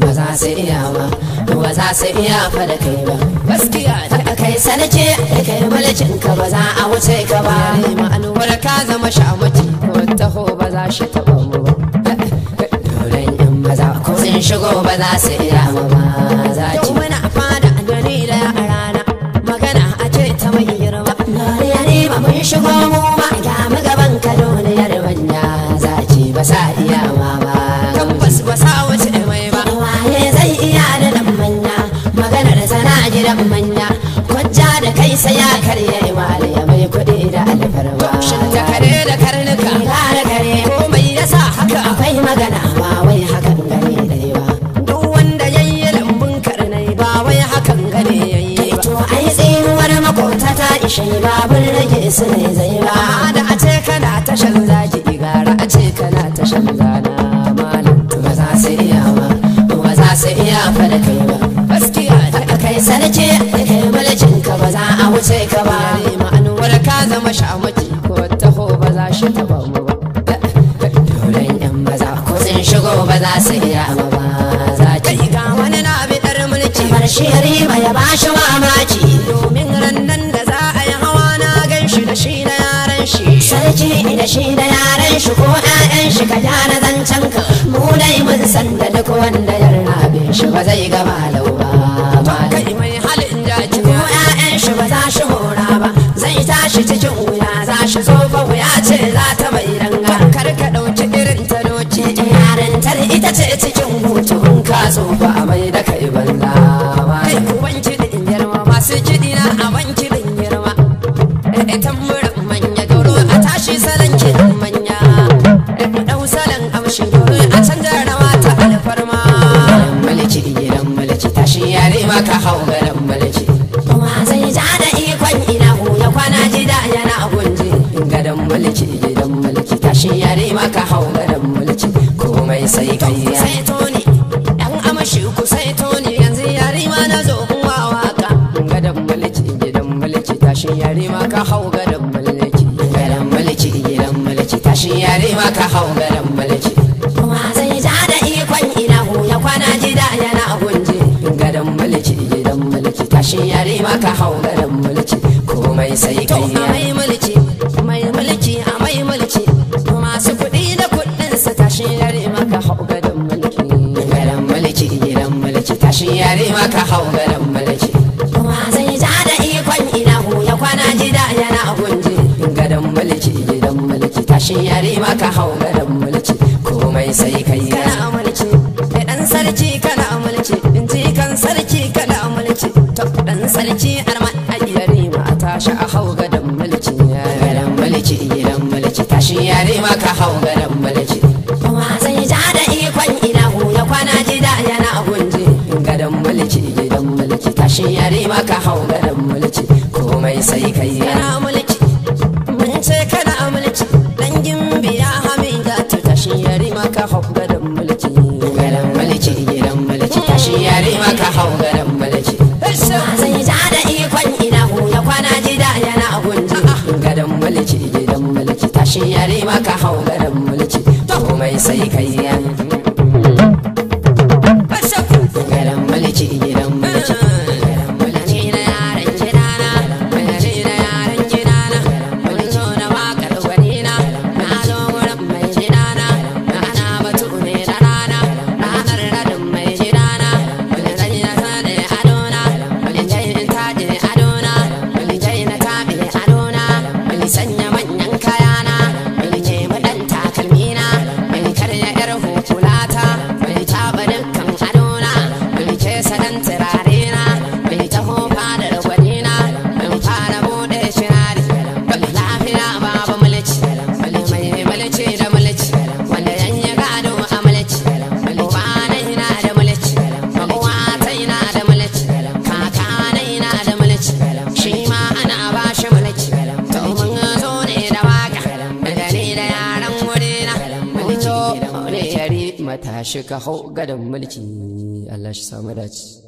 ba za su iya ba ba za su iya fa da kai ba gaskiya ta kai sarki da kai mulkin ka ba za a wuce ka ba ma alwar ka zama shamaki wata ho ba za shi taba mu ba dole in maza ko sun shigo ba za su iya magana ba wai hakan gane dai ba duk wanda yayi lambun karnai ba wai hakan gane yayi to ai tsinuwar makota ta ishe babun rage su ne zai ba su iya ba za ta yi ga wani na bidar mulki barshi yariba ya bashi mamaki domin rannan da za a yi hawa na gan shi da shi da yaran shi sarki da shi da yaran shi ko 'ya'yan shi ka gyara zancen ka shi yare maka haugarin mulki komai sai kai ya mai mulki mai mulki a mai mulki masu kuɗi da kuɗin su tashi yare maka haugarin mulki garan mulki gidan mulki tashi yare maka haugarin mulki gidan tashi yare maka hau kuma ja da ikon ilahu kwana jida yana gunji garin mulki gidan tashi hau garin komai sai kai yana mun ce kana dangin biya hamida ta tashi hau mulki coxinha de macarrão. shi ka hau gadon mulki Allah shi samu dace